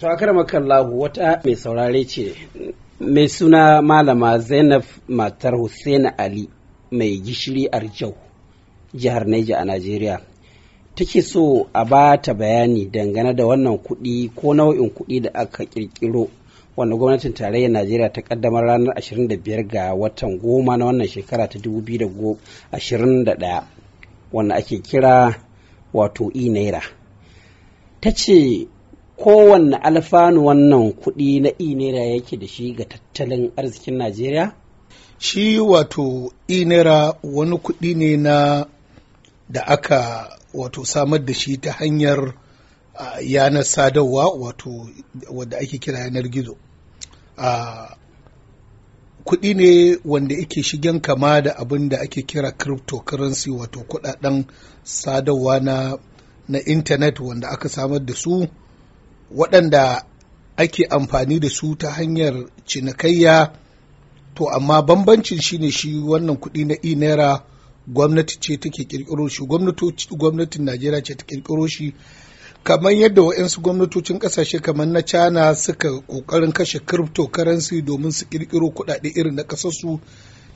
To Lahu wata mai saurare ce mai suna malama Zainab matar Hussein Ali mai gishiri Arjau jihar Neja a Najeriya. Take so a ba ta bayani dangane da wannan kuɗi ko nau'in kuɗi da aka ƙirƙiro wanda gwamnatin tarayyar Najeriya ta kaddamar ranar 25 ga watan goma na wannan shekara ta 2021 wanda ake kira wato e-naira. Ta ce kowanne alfanu wannan kuɗi na inera yake da shi ga tattalin arzikin najeriya shi wato inera wani kuɗi ne na da aka wato samar da shi ta hanyar uh, yanar sadarwa wato wadda ake kira yanar gizo uh, kuɗi ne wanda yake shigen kama da abin da ake kira cryptocurrency wato kuɗaɗen sadarwa na na intanet wanda aka samar da su waɗanda ake amfani da su ta hanyar cinikayya to amma bambancin shine shi wannan kuɗi na e naira gwamnati ce take kirkiro shi gwamnatin najeriya ce ta kirkiro shi kamar yadda waɗansu gwamnatocin ƙasashe kamar na china suka ƙoƙarin kashe cryptocurrency domin su kirkiro kuɗaɗe irin na ƙasarsu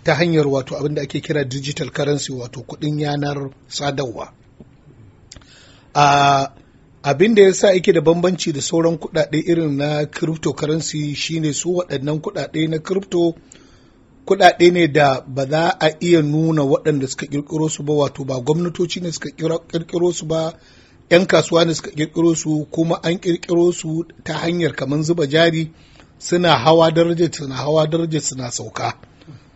ta hanyar wato abin da ake kira digital currency wato kuɗin yanar sadarwa ah, abin da ya sa yake da bambanci da sauran kuɗaɗe irin na cryptocurrency shine su waɗannan kuɗaɗe na crypto kuɗaɗe ne da ba za a iya nuna waɗanda suka kirkiro su ba wato ba gwamnatoci ne suka kirkiro su ba 'yan kasuwa ne suka kirkiro su kuma an kirkiro su ta hanyar kamar zuba jari suna hawa daraja suna hawa daraja suna sauka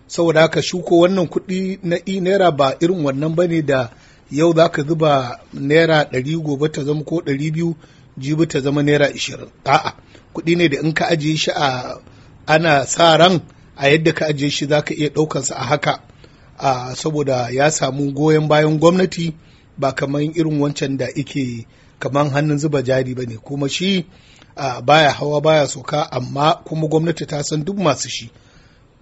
saboda haka shuko wannan kuɗi na naira ba irin wannan bane da yau za ka zuba naira ɗari gobe ta zama ko ɗari biyu jibi ta zama naira ishirin a'a kuɗi ne da in ka ajiye shi a ana sa ran a yadda ka ajiye shi za ka iya ɗaukansa a haka a saboda ya samu goyon bayan gwamnati ba kamar irin wancan da ike kamar hannun zuba jari ba ne kuma shi baya hawa baya soka amma kuma gwamnati ta san duk masu shi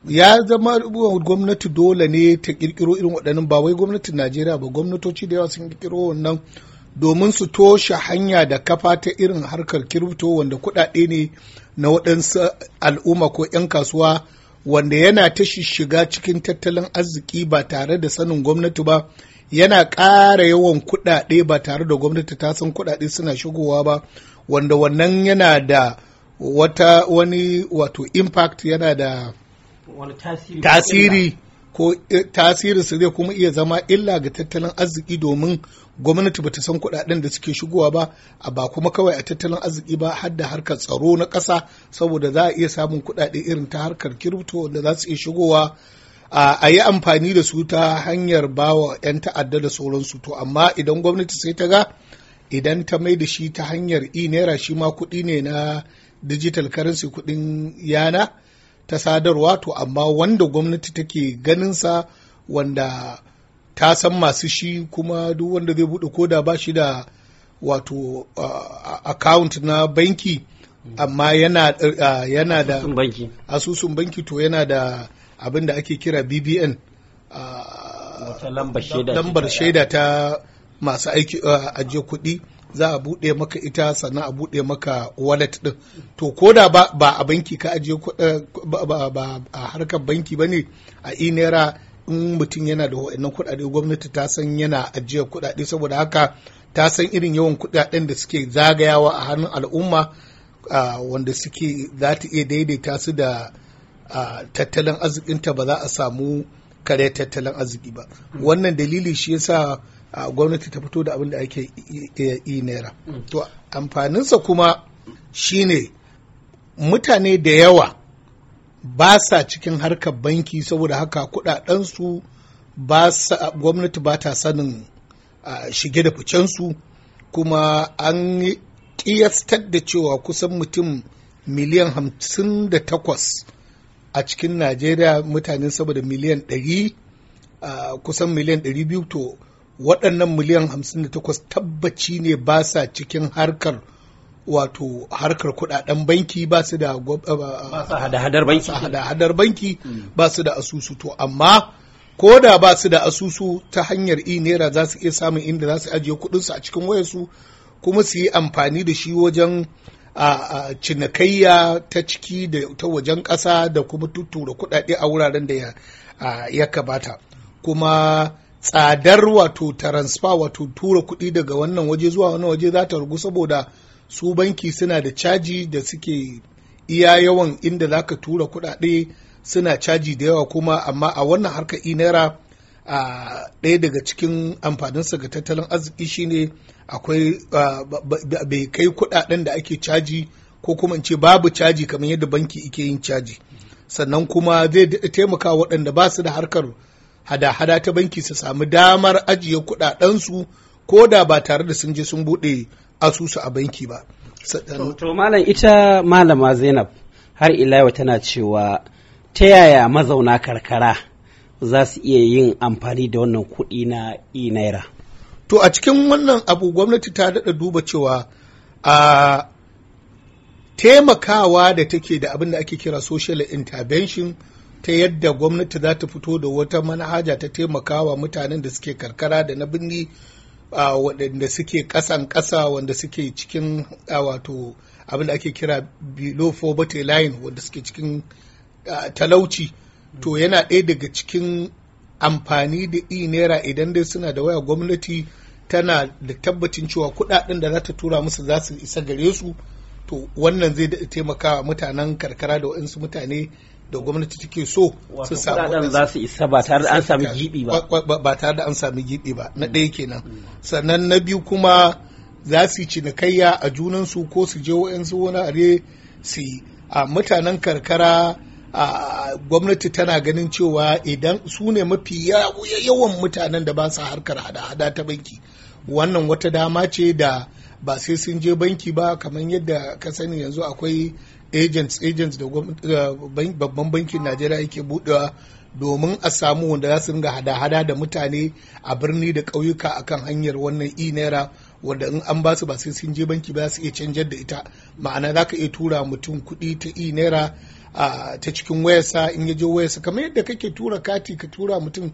ya zama gwamnati dole ne ta kirkiro irin waɗannan ba wai gwamnatin najeriya ba gwamnatoci da yawa sun kirkiro wannan domin su toshe hanya da kafa ta irin harkar kirifto wanda kuɗaɗe ne na waɗansu al'umma ko 'yan kasuwa wanda yana ta shiga cikin tattalin arziki ba tare da sanin gwamnati ba yana ƙara yawan kuɗaɗe ba tare da gwamnati ta san kuɗaɗe suna shigowa ba wanda wannan yana da wata wani wato impact yana da tasiri ko tasiri eh, su zai kuma iya zama illa ga tattalin arziki domin gwamnati bata san kuɗaɗen da suke shigowa ba a ba kuma kawai a tattalin arziki ba har da harkar tsaro na ƙasa saboda za a iya samun kuɗaɗe irin ta harkar kirifto da za su iya shigowa a yi amfani da su ta hanyar bawa 'yan ta'adda da sauransu to amma idan gwamnati sai ta ga idan ta mai da shi ta hanyar e naira shi ma kuɗi ne na digital currency kuɗin yana ta sadarwa to amma wanda gwamnati take sa wanda ta san masu shi kuma duk wanda zai buɗe koda ba shi da wato uh, account na banki amma yana, uh, yana da asusun banki to yana da abin da ake kira bbn uh, lambar shaida ta masu aiki ajiye kuɗi za a buɗe maka ita sannan a buɗe maka wallet ɗin to ko da ba a banki ka ajiye ba a harkar banki ba ne a inera in mutum yana da wa'annan kuɗaɗe gwamnati ta san yana ajiye kuɗaɗe saboda haka ta san irin yawan kuɗaɗen da suke zagayawa a hannun al'umma wanda suke za ta iya daidaita su da tattalin arzikinta ba za a samu kare tattalin arziki ba hmm. wannan dalili shi yasa a gwamnati ta fito da abin da ake yi naira to amfaninsa kuma shine mutane da yawa ba sa cikin harkar banki saboda haka kudadensu ba sa gwamnati ba ta sanin shige da ficensu kuma an kiyastar da cewa kusan mutum miliyan hamsin da takwas a cikin najeriya mutane saboda miliyan ɗari kusan miliyan ɗari biyu to waɗannan miliyan 58 tabbaci ne ba sa cikin harkar wato harkar kudaden banki ba su da hada-hadar banki hmm. ba su da asusu to amma ko da ba su da asusu ta hanyar e naira za su iya samun inda za su ajiye kudinsu a cikin wayarsu kuma su yi amfani da shi wajen cinikayya ta ciki da ta wajen ƙasa da kuma tuttura kudade a wuraren da ya kamata kuma tsadar wato transfer wato tura kuɗi daga wannan waje zuwa wannan waje za ta rugu saboda su banki suna da caji da suke iya yawan inda za ka tura kuɗaɗe suna caji da yawa kuma amma a wannan harka naira a ɗaya daga cikin amfaninsa ga tattalin arziki shine akwai bai kai kuɗaɗen da ake caji ko kuma in ce babu caji kamar yadda banki ike yin caji sannan kuma zai taimaka waɗanda ba su da harkar hada-hada ta banki su sami damar ajiye kuɗaɗensu ko da ba tare da sun je sun buɗe asusu a banki ba. To malam ita malama Zainab har ila tana cewa ta yaya mazauna karkara za su iya yin amfani da wannan kuɗi na e naira. To a cikin wannan abu gwamnati ta daɗa duba cewa a taimakawa da take da abin da ake kira social intervention ta yadda gwamnati za ta fito da wata manhaja ta taimakawa mutanen da suke karkara da na birni a waɗanda suke ƙasan ƙasa wanda suke cikin wato abin da ake kira below poverty line wanda suke cikin talauci hmm. to yana ɗaya daga cikin amfani da i e naira idan dai suna da waya gwamnati tana da tabbacin cewa kuɗaɗen da za ta tura musu za su isa gare su to wannan zai taimaka mutanen karkara da waɗansu mutane da gwamnati take so su samu za su isa ba tare da an sami gibi ba ba tare da an sami gibi ba na mm. ɗaya kenan mm. sannan na biyu kuma za su cinikayya a junan su ko su je su wani are su a mutanen karkara a gwamnati tana ganin cewa idan su ne mafi yawan mutanen da ba su harkar hada-hada ta banki wannan wata dama ce da ba sai sun je banki ba kamar yadda ka sani yanzu akwai agents agents da babban bankin najeriya yake budewa domin a samu wanda za su ringa hada-hada da mutane a birni da ƙauyuka akan hanyar wannan e naira wanda in an basu ba sai sun je banki ba su iya canjar da ita ma'ana za ka iya tura mutum kuɗi ta e naira ta cikin wayarsa in ya je wayarsa kamar yadda kake tura kati ka tura mutum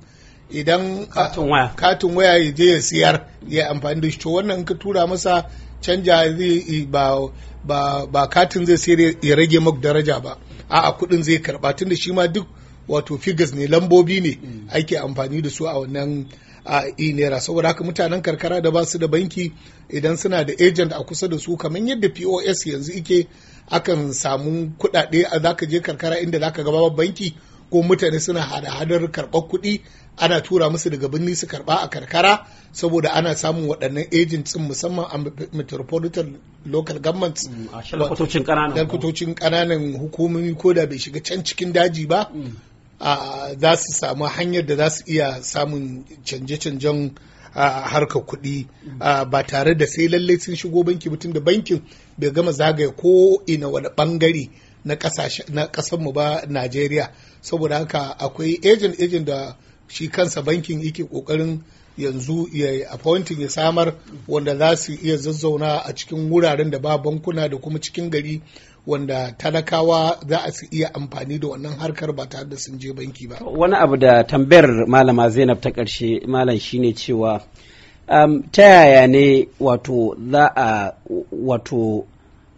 idan katin waya ya je ya siyar ya amfani da shi to wannan in ka tura masa canja zai ba ba katin zai sai ya rage mak daraja ba a'a kuɗin zai karɓa da shi ma duk wato figures ne lambobi ne hmm. ake amfani da su a wannan a naira saboda haka mutanen karkara da ba su da banki idan suna da agent a kusa da su kamar yadda pos yanzu ike akan samu kuɗaɗe a zaka je karkara inda zaka gaba banki ko mutane suna hada-hadar karɓar kuɗi ana tura musu daga birni su karɓa a karkara saboda ana samun waɗannan agents musamman a metropolitan local governments mm, a kutocin ƙananan hukumomi ko da bai shiga can cikin daji ba mm. za su samu hanyar da za su iya samun canje-canjen harkar kuɗi mm. ba tare da sai lallai sun shigo banki mutum da bankin bai gama zagaya ko ina wani ɓangare na mu ba najeriya saboda haka akwai ejin ejin da shi kansa bankin yake ƙoƙarin yanzu ya appointing ya samar wanda za su iya zazzauna a cikin wuraren da ba bankuna da kuma cikin gari wanda talakawa za a su iya amfani da wannan harkar ba tare da sun je banki ba. Wani abu da tambayar malama Zainab ta ƙarshe malam shi ne cewa um, ta yaya ne wato za a wato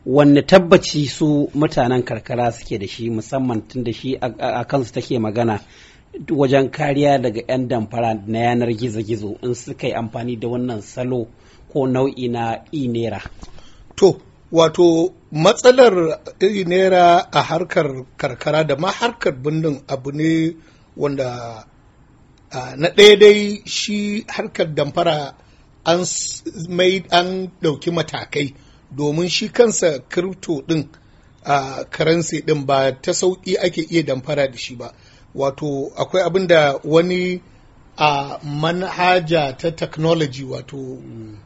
wanne tabbaci su mutanen karkara suke da shi musamman tun da shi a kansu take magana wajen kariya daga 'yan damfara na yanar gizo-gizo in suka yi amfani da wannan salo ko nau'i na inera to wato matsalar inera a harkar karkara da ma harkar birnin abu ne wanda na ɗaya dai shi harkar damfara an ɗauki matakai domin shi kansa crypto din a karansi din ba ta sauƙi ake iya damfara da shi ba wato akwai abin da wani a manhaja ta technology wato hmm.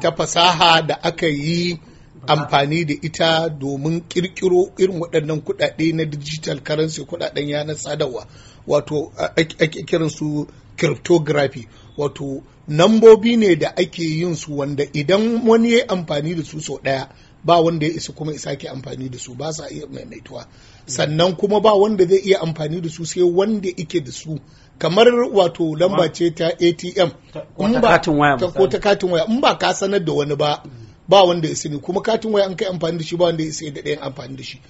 ta fasaha da aka yi amfani da ita domin kirkiro irin waɗannan kuɗaɗe na digital currency kuɗaɗen yanar sadarwa wato ake kiransu cryptography wato nambobi ne da ake yin su wanda idan wani ya amfani da su sau ɗaya ba wanda ya isa kuma isa ke amfani da su ba sa iya maimaituwa sannan kuma ba wanda zai iya amfani da su sai wanda ike da su kamar wato lamba ce ta atm ko ta katin waya in ba ka sanar da wani ba ba wanda ya sani kuma katin waya an kai amfani da shi ba wanda ya sai da ɗayan amfani da shi